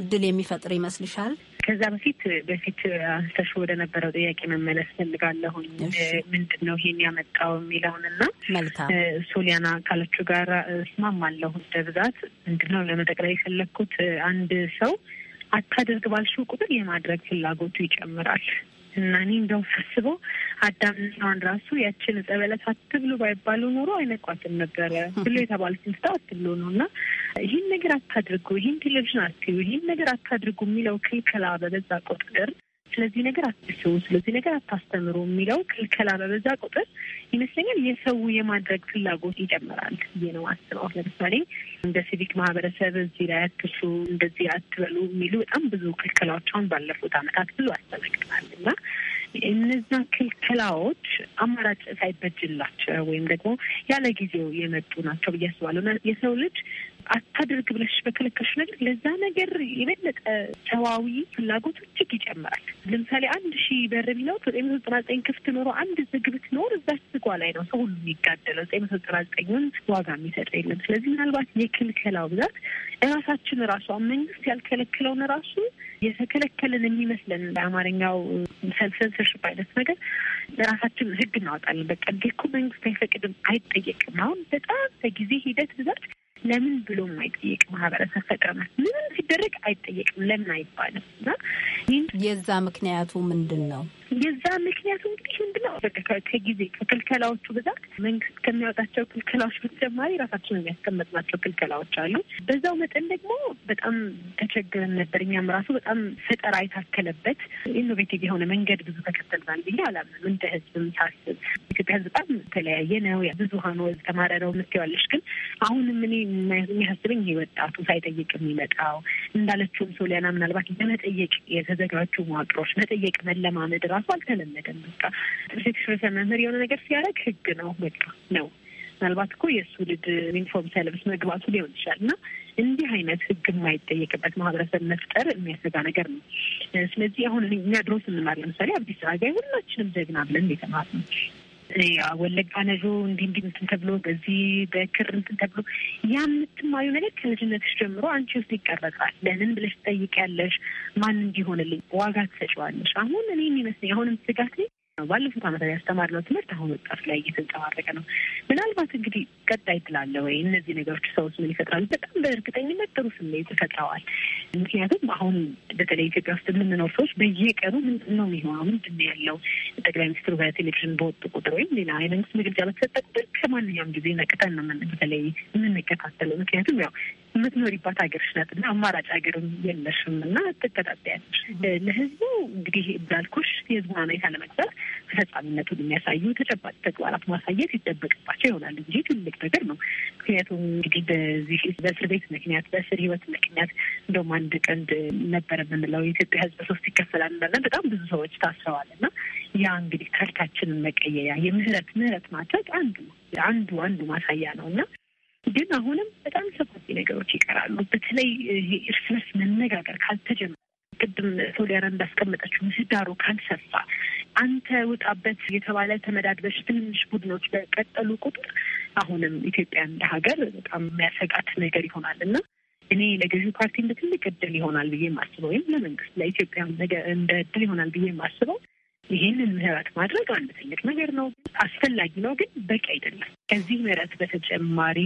እድል የሚፈጥር ይመስልሻል? ከዛ በፊት በፊት አንስተሽ ወደ ነበረው ጥያቄ መመለስ ፈልጋለሁኝ። ምንድን ነው ይሄን ያመጣው የሚለውንና ሶሊያና ካለችው ጋር እስማማለሁ። በብዛት ምንድን ነው ለመጠቅላይ የፈለግኩት አንድ ሰው አታደርግ ባልሽው ቁጥር የማድረግ ፍላጎቱ ይጨምራል። እና እኔ እንደውም ሳስበው ራሱ ያችን ዕፀ በለስ አትብሉ ባይባሉ ኖሮ አይነቋትም ነበረ። ብሎ የተባሉትን ስታ አትብሉ ነው እና ይህን ነገር አታድርጉ፣ ይህን ቴሌቪዥን አትዩ፣ ይህን ነገር አታድርጉ የሚለው ክልከላ በበዛ ቁጥር ስለዚህ ነገር አትስሩ፣ ስለዚህ ነገር አታስተምሩ የሚለው ክልከላ በበዛ ቁጥር ይመስለኛል የሰው የማድረግ ፍላጎት ይጨምራል ብዬ ነው አስበው። ለምሳሌ እንደ ሲቪክ ማህበረሰብ እዚህ ላይ አትሱ፣ እንደዚህ አትበሉ የሚሉ በጣም ብዙ ክልከላዎችን ባለፉት አመታት ብዙ አስተናግደናል እና እነዛ ክልከላዎች አማራጭ ሳይበጅላቸው ወይም ደግሞ ያለ ጊዜው የመጡ ናቸው ብዬ አስባለሁ። የሰው ልጅ አታድርግ ብለሽ በከለከልሽ ነገር ለዛ ነገር የበለጠ ሰዋዊ ፍላጎት እጅግ ይጨምራል። ለምሳሌ አንድ ሺህ በር ቢለው ዘጠኝ መቶ ዘጠና ዘጠኝ ክፍት ኖሮ አንድ ዝግ ብትኖር እዛ ስጓ ላይ ነው ሰው ሁሉ የሚጋደለው። ዘጠኝ መቶ ዘጠና ዘጠኙን ዋጋ የሚሰጠ የለም። ስለዚህ ምናልባት የክልከላው ብዛት እራሳችን ራሱ መንግስት ያልከለከለውን ራሱ የተከለከለን የሚመስለን በአማርኛው ሰልሰል ዲክቴተርሽፕ አይነት ነገር ለራሳችን ህግ እናወጣለን። በቃ እንዲህ እኮ መንግስት አይፈቅድም፣ አይጠየቅም። አሁን በጣም በጊዜ ሂደት ብዛት ለምን ብሎ የማይጠየቅ ማህበረሰብ ፈጥረናል። ምንም ሲደረግ አይጠየቅም፣ ለምን አይባልም። እና የዛ ምክንያቱ ምንድን ነው? የዛ ምክንያቱ እንግዲህ ምንድነው ከጊዜ ከክልከላዎቹ ብዛት መንግስት ከሚያወጣቸው ክልከላዎች በተጨማሪ ራሳችን የሚያስቀመጥናቸው ክልከላዎች አሉ። በዛው መጠን ደግሞ በጣም ተቸግረን ነበር። እኛም ራሱ በጣም ፈጠራ የታከለበት ኢኖቬቲቭ የሆነ መንገድ ብዙ ተከተልናል ብዬ አላምንም። እንደ ህዝብም ሳስብ ኢትዮጵያ ህዝብ በጣም የተለያየ ነው። ብዙሀኑ ተማረ ነው የምትዋለች። ግን አሁንም እኔ የሚያስበኝ ይሄ ወጣቱ ሳይጠይቅ የሚመጣው እንዳለችውም ሶሊያና ምናልባት ለመጠየቅ የተዘጋጁ መዋቅሮች መጠየቅ መለማመድ ራሱ ራሱ አልተለመደም። በቃ ሴክስ ርዕሰ መምህር የሆነ ነገር ሲያደርግ ህግ ነው በቃ ነው። ምናልባት እኮ የእሱ ልጅ ዩኒፎርም ሳይለብስ መግባቱ ሊሆን ይችላል እና እንዲህ አይነት ህግ የማይጠየቅበት ማህበረሰብ መፍጠር የሚያሰጋ ነገር ነው። ስለዚህ አሁን እኛ ድሮ ስንማር ለምሳሌ አዲስ አበባ ሁላችንም ዘግና ብለን የተማርነው ወለጋ ነዞ እንዲህ እንዲህ እንትን ተብሎ በዚህ በክር እንትን ተብሎ ያ የምትማዩ ነገር ከልጅነትሽ ጀምሮ አንቺ ውስጥ ይቀረጻል። ለምን ብለሽ ትጠይቂያለሽ። ማን እንዲሆንልኝ ዋጋ ትሰጪዋለሽ። አሁን እኔ የሚመስለኝ አሁንም ስጋት ባለፉት ዓመታት ያስተማርነው ትምህርት አሁን ወጣት ላይ እየተንጸባረቀ ነው። ምናልባት እንግዲህ ቀጣይ ትላለ ወይ እነዚህ ነገሮች ሰዎች ምን ይፈጥራሉ? በጣም በእርግጠኝነት ጥሩ ስሜት ይፈጥረዋል። ምክንያቱም አሁን በተለይ ኢትዮጵያ ውስጥ የምንኖር ሰዎች በየቀኑ ምንድን ነው የሚሆነው? ምንድን ነው ያለው? ጠቅላይ ሚኒስትሩ በቴሌቪዥን በወጡ ቁጥር ወይም ሌላ የመንግስት መግለጫ በተሰጠ ቁጥር ከማንኛውም ጊዜ ነቅተን ነው በተለይ የምንከታተለው። ምክንያቱም ያው የምትኖሪባት ሀገርሽ ናት እና አማራጭ ሀገርም የለሽም እና ትቀጣጠያለሽ። ለህዝቡ እንግዲህ እንዳልኩሽ የህዝቡን አመኔታ ለመግዛት ተፈጻሚነቱን የሚያሳዩ ተጨባጭ ተግባራት ማሳየት ይጠበቅባቸው ይሆናል እንጂ ትልቅ ነገር ነው። ምክንያቱም እንግዲህ በዚህ በእስር ቤት ምክንያት በእስር ህይወት ምክንያት እንደውም አንድ ቀንድ ነበረ የምንለው የኢትዮጵያ ህዝብ ሶስት ይከፈላል እንላለን። በጣም ብዙ ሰዎች ታስረዋል እና ያ እንግዲህ ካርታችንን መቀየያ የምህረት ምህረት ማድረግ አንዱ አንዱ አንዱ ማሳያ ነው እና ግን አሁንም በጣም ሰፋፊ ነገሮች ይቀራሉ። በተለይ እርስ በርስ መነጋገር ካልተጀመረ ቅድም ሶሊያና እንዳስቀመጠችው ምህዳሩ ካልሰፋ አንተ ውጣበት የተባለ ተመዳድበሽ ትንንሽ ቡድኖች በቀጠሉ ቁጥር አሁንም ኢትዮጵያ እንደ ሀገር በጣም የሚያሰጋት ነገር ይሆናል እና እኔ ለገዢው ፓርቲ እንደ ትልቅ እድል ይሆናል ብዬ የማስበው ወይም ለመንግስት ለኢትዮጵያ እንደ እድል ይሆናል ብዬ የማስበው ይህንን ምህረት ማድረግ አንድ ትልቅ ነገር ነው፣ አስፈላጊ ነው፣ ግን በቂ አይደለም። ከዚህ ምህረት በተጨማሪ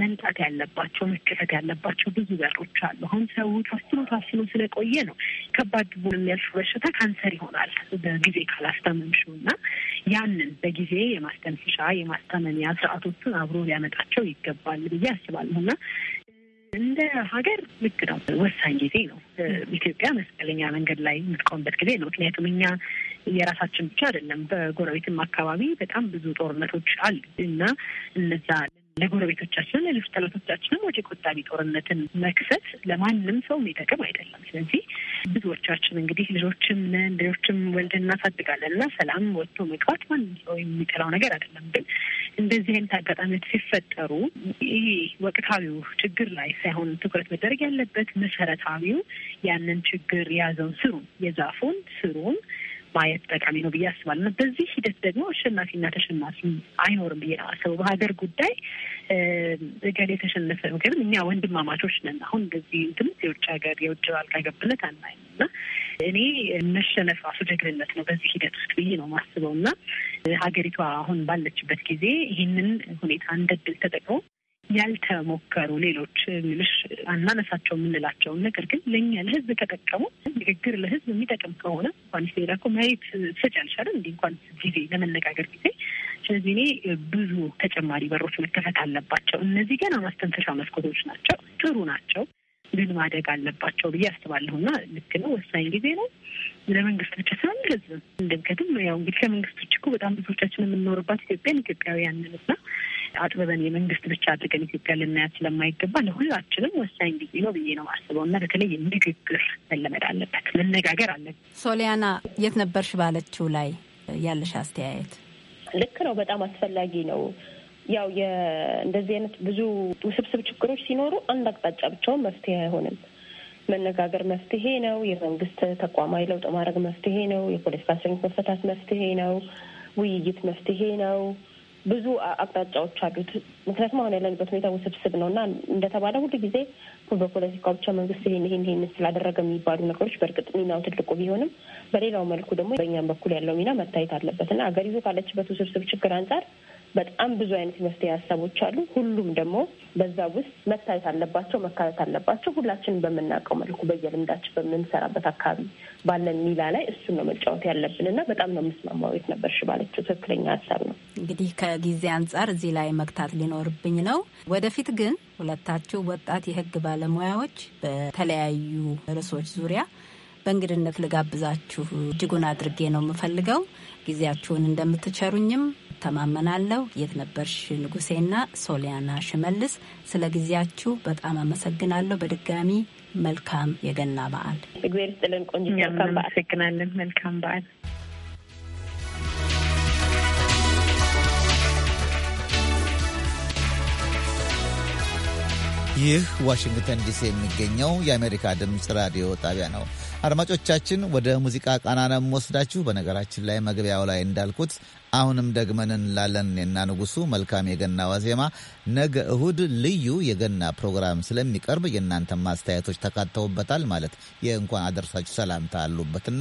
መምጣት ያለባቸው መከፈት ያለባቸው ብዙ በሮች አሉ። አሁን ሰው ታስኖ ታስኖ ስለቆየ ነው ከባድ ብሎ የሚያልፍ በሽታ ካንሰር ይሆናል በጊዜ ካላስታመምሽው እና ያንን በጊዜ የማስተንፈሻ የማስታመሚያ ስርዓቶቹን አብሮ ሊያመጣቸው ይገባል ብዬ አስባለሁ እና እንደ ሀገር ልክ ነው። ወሳኝ ጊዜ ነው። ኢትዮጵያ መስቀለኛ መንገድ ላይ የምትቆምበት ጊዜ ነው። ምክንያቱም እኛ የራሳችን ብቻ አይደለም። በጎረቤትም አካባቢ በጣም ብዙ ጦርነቶች አሉ እና እነዛ ለጎረቤቶቻችንና ሌሎች ጠላቶቻችንም ወጪ ቆጣቢ ጦርነትን መክፈት ለማንም ሰው የሚጠቅም አይደለም። ስለዚህ ብዙዎቻችን እንግዲህ ልጆችም ነን፣ ልጆችም ወልደን እናሳድጋለን እና ሰላም ወጥቶ መግባት ማንም ሰው የሚጠላው ነገር አይደለም። ግን እንደዚህ አይነት አጋጣሚዎች ሲፈጠሩ ይህ ወቅታዊው ችግር ላይ ሳይሆን ትኩረት መደረግ ያለበት መሰረታዊው ያንን ችግር የያዘውን ስሩን የዛፉን ስሩን ማየት ጠቃሚ ነው ብዬ አስባለሁ። በዚህ ሂደት ደግሞ አሸናፊና ተሸናፊ አይኖርም ብዬ ነው አስበው። በሀገር ጉዳይ እገሌ የተሸነፈ ምክንም እኛ ወንድማማቾች ነን። አሁን እንደዚህ እንትን የውጭ ሀገር የውጭ ባልቃ ገብነት አናይም እና እኔ መሸነፍ ራሱ ጀግንነት ነው በዚህ ሂደት ውስጥ ብዬ ነው ማስበው እና ሀገሪቷ አሁን ባለችበት ጊዜ ይህንን ሁኔታ እንደ ድል ተጠቅሞ ያልተሞከሩ ሌሎች ምልሽ አናነሳቸው የምንላቸውን ነገር ግን ለእኛ ለህዝብ ተጠቀሙ ንግግር ለህዝብ የሚጠቅም ከሆነ እንኳን ሌላ እኮ ማየት ትሰጫለሽ እንዲ እንኳን ጊዜ ለመነጋገር ጊዜ። ስለዚህ እኔ ብዙ ተጨማሪ በሮች መከፈት አለባቸው። እነዚህ ገና ማስተንፈሻ መስኮቶች ናቸው፣ ጥሩ ናቸው፣ ግን ማደግ አለባቸው ብዬ አስባለሁ። እና ልክ ነው፣ ወሳኝ ጊዜ ነው ለመንግስት ብቻ ሳይሆን ለህዝብም እንደምከትም ያው እንግዲህ ከመንግስቶች ውጭ እኮ በጣም ብዙዎቻችን የምንኖርባት ኢትዮጵያን ኢትዮጵያውያንን እና አጥብበን የመንግስት ብቻ አድርገን ኢትዮጵያ ልናያት ስለማይገባ ለሁላችንም ወሳኝ ጊዜ ነው ብዬ ነው ማስበው እና በተለይ ንግግር መለመድ አለበት፣ መነጋገር አለበት። ሶሊያና የት ነበርሽ ባለችው ላይ ያለሽ አስተያየት ልክ ነው። በጣም አስፈላጊ ነው። ያው እንደዚህ አይነት ብዙ ውስብስብ ችግሮች ሲኖሩ አንድ አቅጣጫ ብቻውን መፍትሄ አይሆንም። መነጋገር መፍትሄ ነው። የመንግስት ተቋማዊ ለውጥ ማድረግ መፍትሄ ነው። የፖለቲካ እስረኞች መፈታት መፍትሄ ነው። ውይይት መፍትሄ ነው። ብዙ አቅጣጫዎች አሉት። ምክንያቱም አሁን ያለንበት ሁኔታ ውስብስብ ነው እና እንደተባለ ሁሉ ጊዜ በፖለቲካው ብቻ መንግስት ይህን ይህን ይህን ስላደረገ የሚባሉ ነገሮች በእርግጥ ሚናው ትልቁ ቢሆንም በሌላው መልኩ ደግሞ በእኛም በኩል ያለው ሚና መታየት አለበት እና አገሪቱ ካለችበት ውስብስብ ችግር አንጻር በጣም ብዙ አይነት መፍትሄ ሀሳቦች አሉ። ሁሉም ደግሞ በዛ ውስጥ መታየት አለባቸው፣ መካተት አለባቸው። ሁላችንም በምናውቀው መልኩ በየልምዳችን በምንሰራበት አካባቢ ባለን ሚላ ላይ እሱን ነው መጫወት ያለብን እና በጣም ነው የምስማማው። የት ነበርሽ ባለችው ትክክለኛ ሀሳብ ነው። እንግዲህ ከጊዜ አንጻር እዚህ ላይ መግታት ሊኖርብኝ ነው። ወደፊት ግን ሁለታችሁ ወጣት የህግ ባለሙያዎች በተለያዩ ርዕሶች ዙሪያ በእንግድነት ልጋብዛችሁ እጅጉን አድርጌ ነው የምፈልገው። ጊዜያችሁን እንደምትቸሩኝም እተማመናለሁ። የት ነበርሽ ንጉሴና ሶሊያና ሽመልስ ስለ ጊዜያችሁ በጣም አመሰግናለሁ። በድጋሚ መልካም የገና በዓል። ቆንጆ አመሰግናለን። መልካም በዓል። ይህ ዋሽንግተን ዲሲ የሚገኘው የአሜሪካ ድምፅ ራዲዮ ጣቢያ ነው። አድማጮቻችን፣ ወደ ሙዚቃ ቃና ነው የምወስዳችሁ። በነገራችን ላይ መግቢያው ላይ እንዳልኩት አሁንም ደግመን እንላለን። የና ንጉሱ መልካም የገና ዋዜማ። ነገ እሁድ ልዩ የገና ፕሮግራም ስለሚቀርብ የእናንተ ማስተያየቶች ተካተውበታል። ማለት የእንኳን አደርሳችሁ ሰላምታ አሉበትና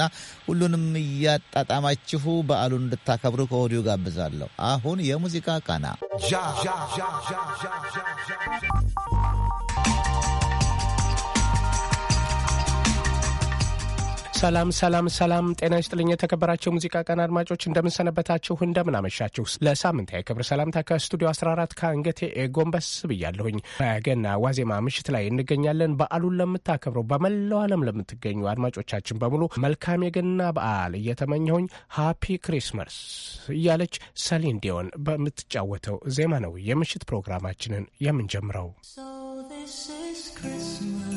ሁሉንም እያጣጣማችሁ በዓሉን እንድታከብሩ ከወዲሁ ጋብዛለሁ። አሁን የሙዚቃ ቃና ሰላም ሰላም ሰላም፣ ጤና ይስጥልኝ የተከበራቸው ሙዚቃ ቀን አድማጮች እንደምንሰነበታችሁ፣ እንደምናመሻችሁ። ለሳምንት የክብር ሰላምታ ከስቱዲዮ 14 ከአንገቴ ጎንበስ ብያለሁኝ። ገና ዋዜማ ምሽት ላይ እንገኛለን። በዓሉን ለምታከብረው በመላው ዓለም ለምትገኙ አድማጮቻችን በሙሉ መልካም የገና በዓል እየተመኘሁኝ ሃፒ ክሪስመስ እያለች ሰሊን ዲዮን በምትጫወተው ዜማ ነው የምሽት ፕሮግራማችንን የምንጀምረው። So this is Christmas.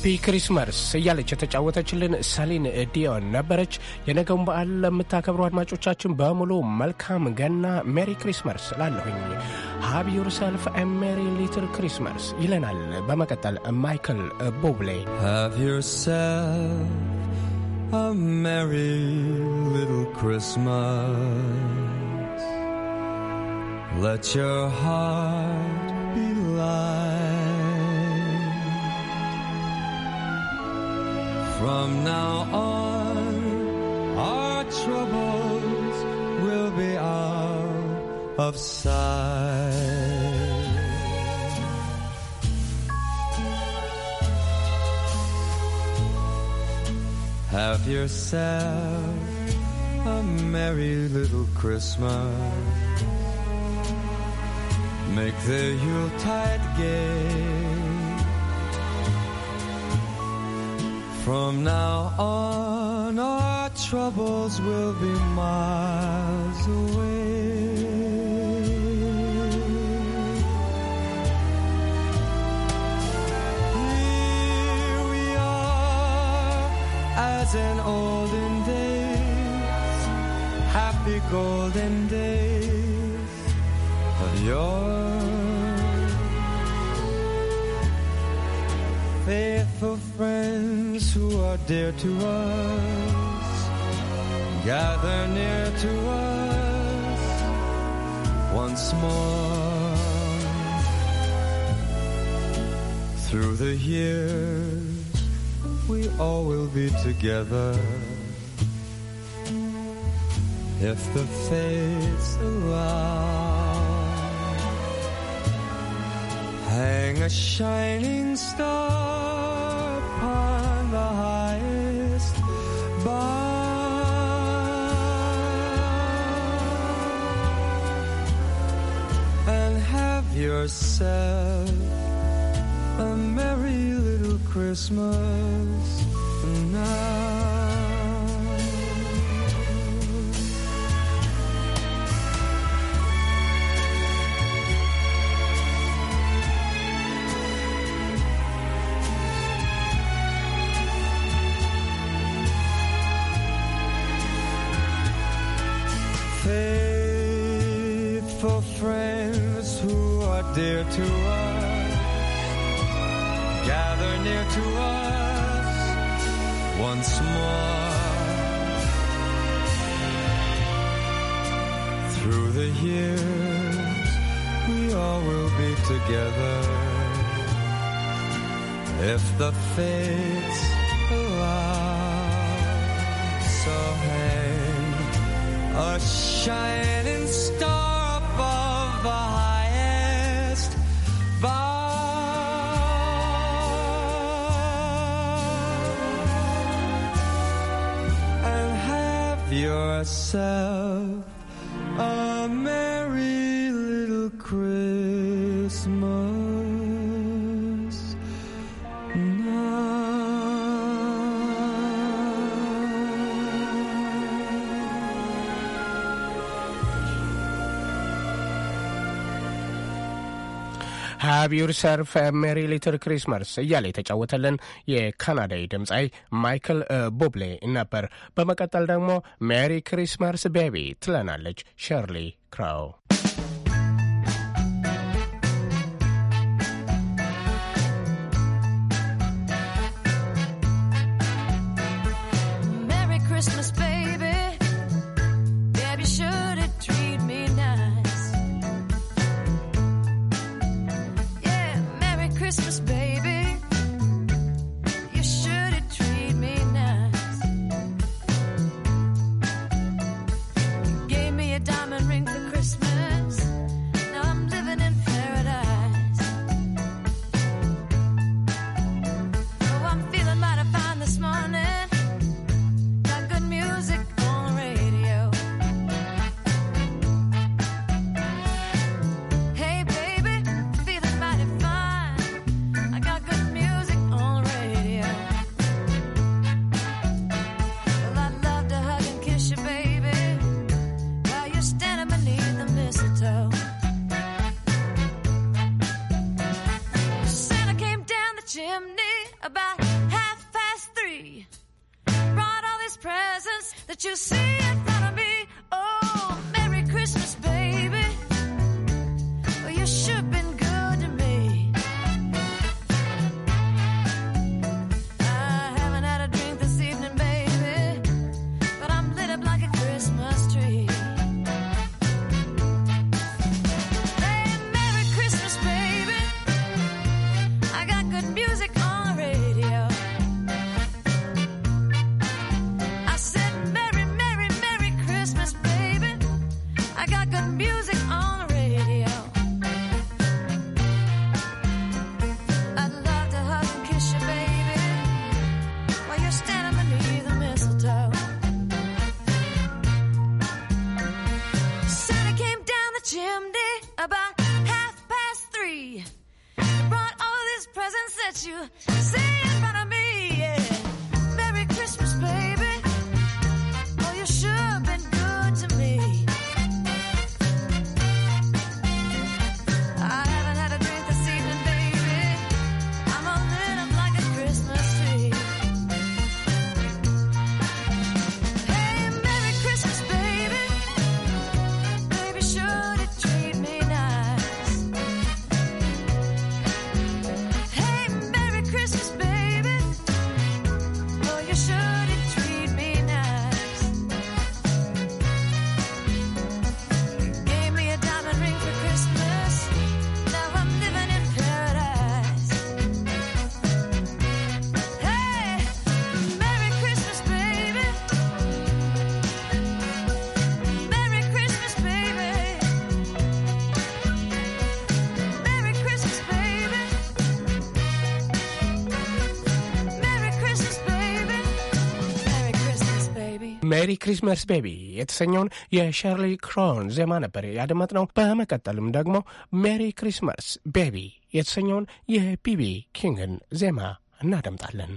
ሃፒ ክሪስማስ እያለች የተጫወተችልን ሰሊን ዲዮን ነበረች። የነገውን በዓል ለምታከብሩ አድማጮቻችን በሙሉ መልካም ገና ሜሪ ክሪስማስ ላለሁኝ ሃብ ዩርሰልፍ ሜሪ ሊትል ክሪስማስ ይለናል። በመቀጠል ማይክል ቦብሌ ዩርሰልፍ አ ሜሪ ሊትል ክሪስማስ ሌት ዮር ሃርት ቢ ላይት From now on, our troubles will be out of sight. Have yourself a merry little Christmas. Make the Yuletide gay From now on, our troubles will be miles away. Here we are, as in olden days, happy golden days of yore who are dear to us, gather near to us once more. Through the years, we all will be together. If the fates allow, hang a shining star yourself a merry little Christmas now. dear to us. Gather near to us once more. Through the years, we all will be together. If the fates allow, so hang a shining star above the high. myself a merry little Christmas. ሃቭ ዩርሰርፍ ሜሪ ሊትል ክሪስማስ እያለ የተጫወተልን የካናዳዊ ድምፃዊ ማይክል ቦብሌ ነበር። በመቀጠል ደግሞ ሜሪ ክሪስማስ ቤቢ ትለናለች ሸርሊ ክራው። Christmas. ሜሪ ክሪስመስ ቤቢ የተሰኘውን የሸርሊ ክሮን ዜማ ነበር ያደመጥነው። በመቀጠልም ደግሞ ሜሪ ክሪስመስ ቤቢ የተሰኘውን የቢቢ ኪንግን ዜማ እናደምጣለን።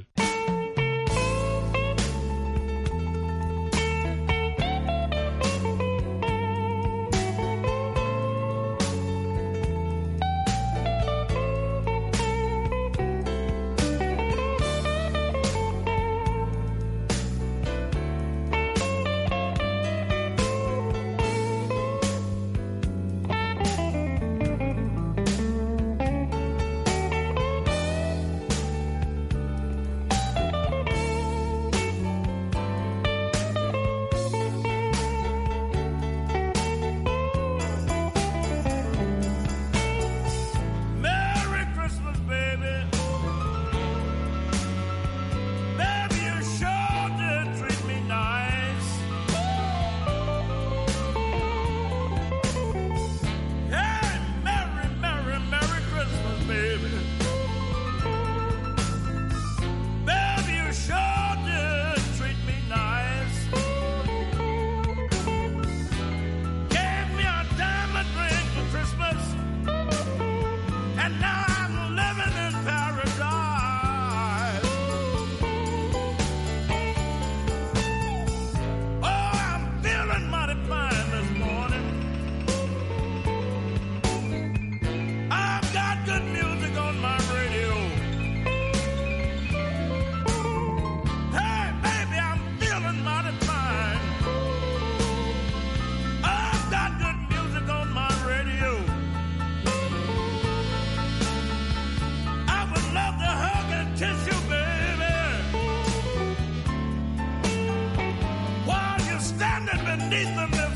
beneath the them.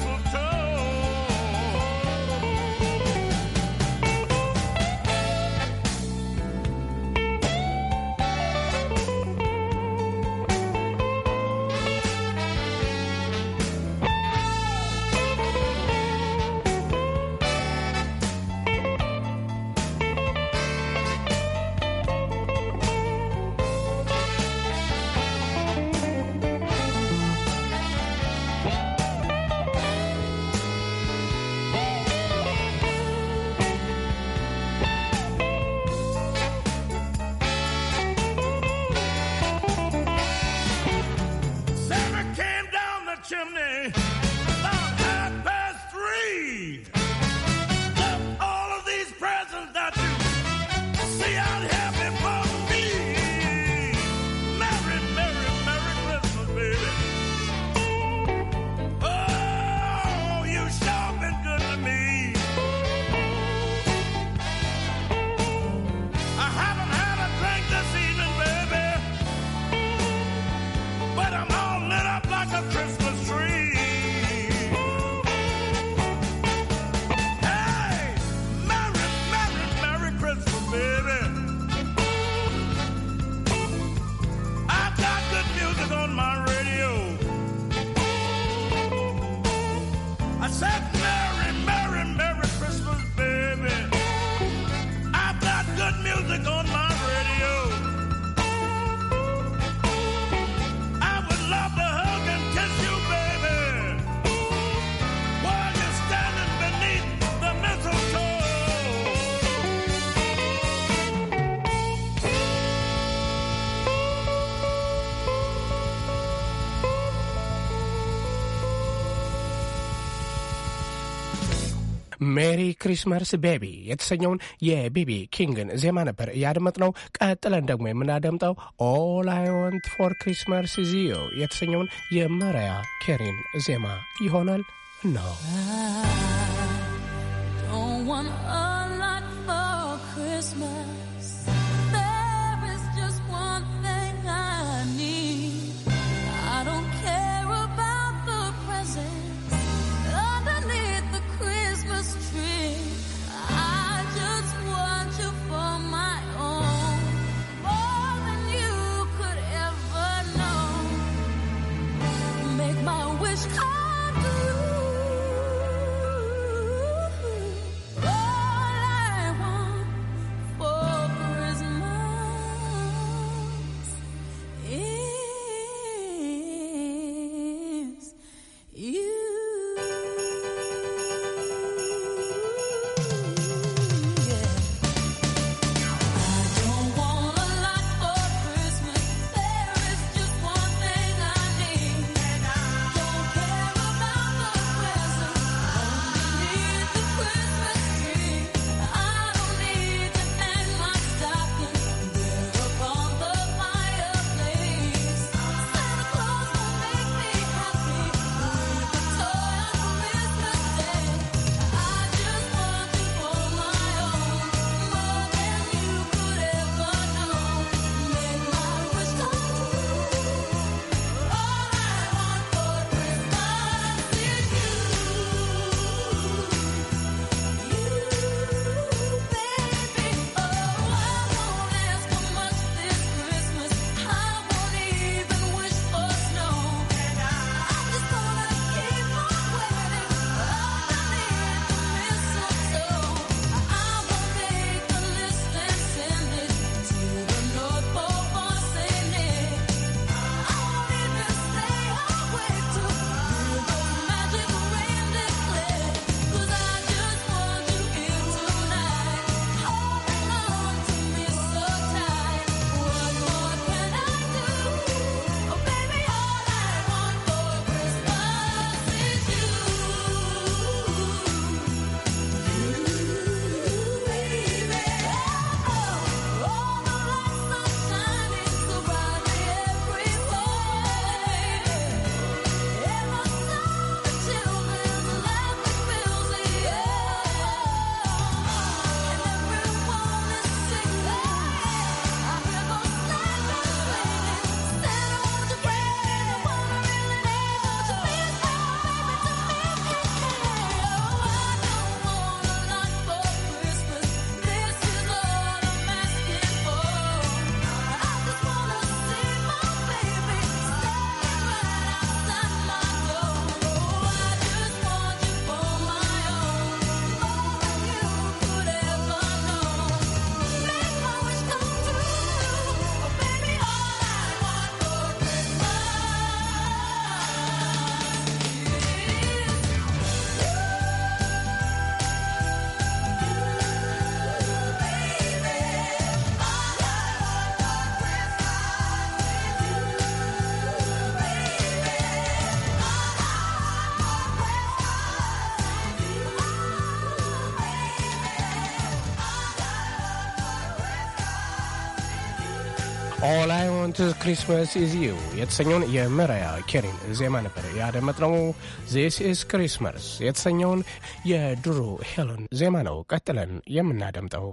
ሜሪ ክሪስማስ ቤቢ የተሰኘውን የቢቢ ኪንግን ዜማ ነበር እያደመጥነው። ቀጥለን ደግሞ የምናደምጠው ኦል አይ ፎር ክሪስማስ ዚዮ የተሰኘውን የመሪያ ኬሪን ዜማ ይሆናል ነው። ክሪስማስ ኢዝ ዩ የተሰኘውን የመራያ ኬሪን ዜማ ነበር ያደመጥነው። ዚስ ኢዝ ክሪስማስ የተሰኘውን የድሩ ሄሎን ዜማ ነው ቀጥለን የምናደምጠው።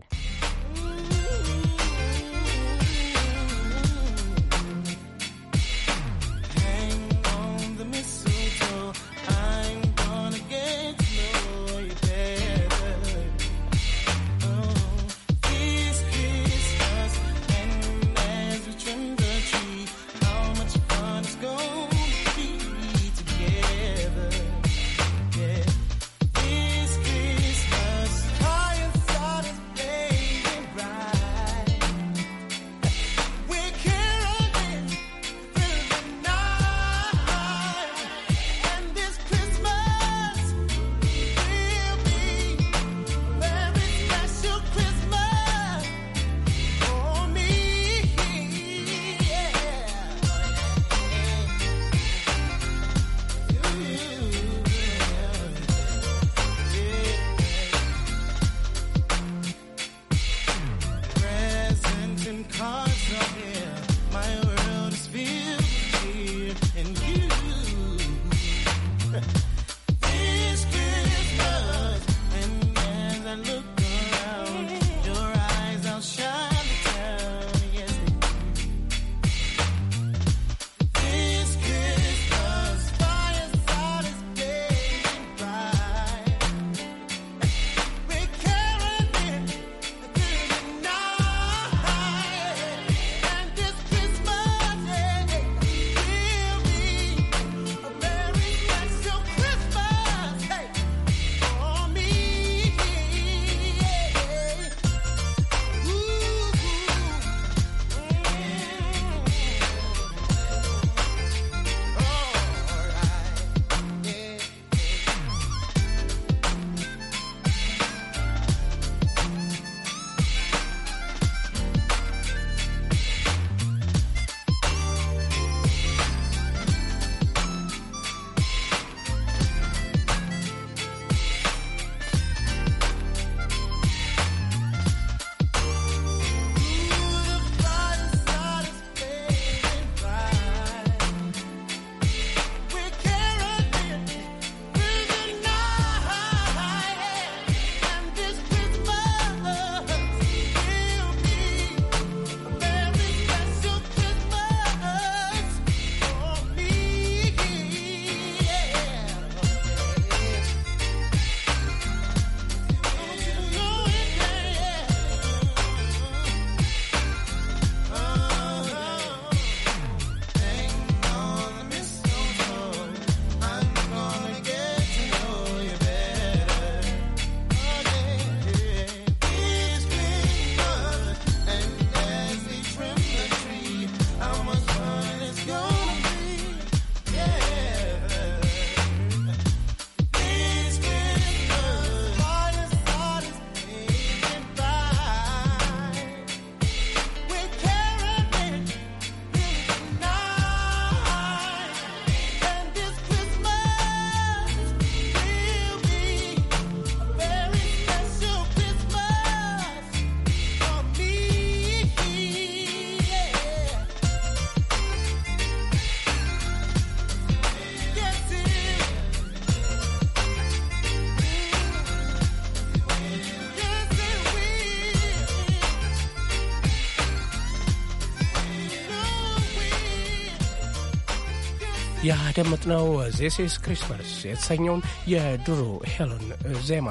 ያደመጥነው ዜሴስ ክሪስማስ የተሰኘውን የድሩ ሄሎን ዜማ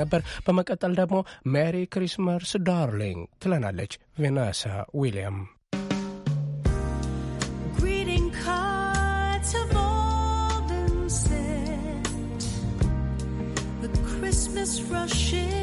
ነበር። በመቀጠል ደግሞ ሜሪ ክሪስመስ ዳርሊንግ ትለናለች ቬናሳ ዊሊያም። Rushes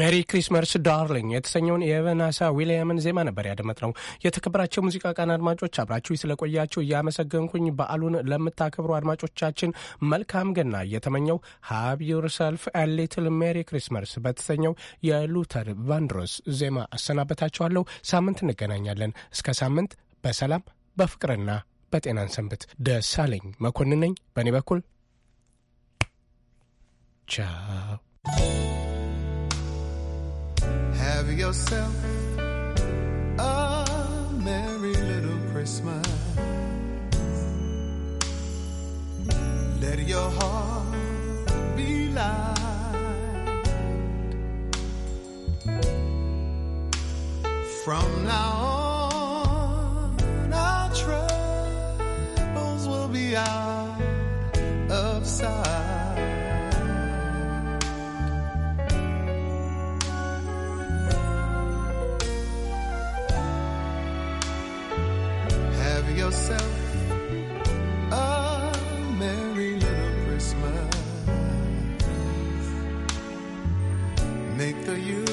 ሜሪ ክሪስመስ ዳርሊንግ የተሰኘውን የቨናሳ ዊሊያምን ዜማ ነበር ያደመጥነው። የተከበራቸው ሙዚቃ ቃን አድማጮች አብራችሁ ስለቆያችሁ እያመሰገንኩኝ በዓሉን ለምታከብሩ አድማጮቻችን መልካም ገና እየተመኘው ሃቭ ዩርሰልፍ ሊትል ሜሪ ክሪስመስ በተሰኘው የሉተር ቫንድሮስ ዜማ አሰናበታችኋለሁ። ሳምንት እንገናኛለን። እስከ ሳምንት በሰላም በፍቅርና በጤናን ሰንብት። ደሳለኝ መኮንን ነኝ። በእኔ በኩል ቻው። Have yourself a merry little Christmas. Let your heart be light. From now on, our troubles will be out of sight. yourself a merry little Christmas. Make the you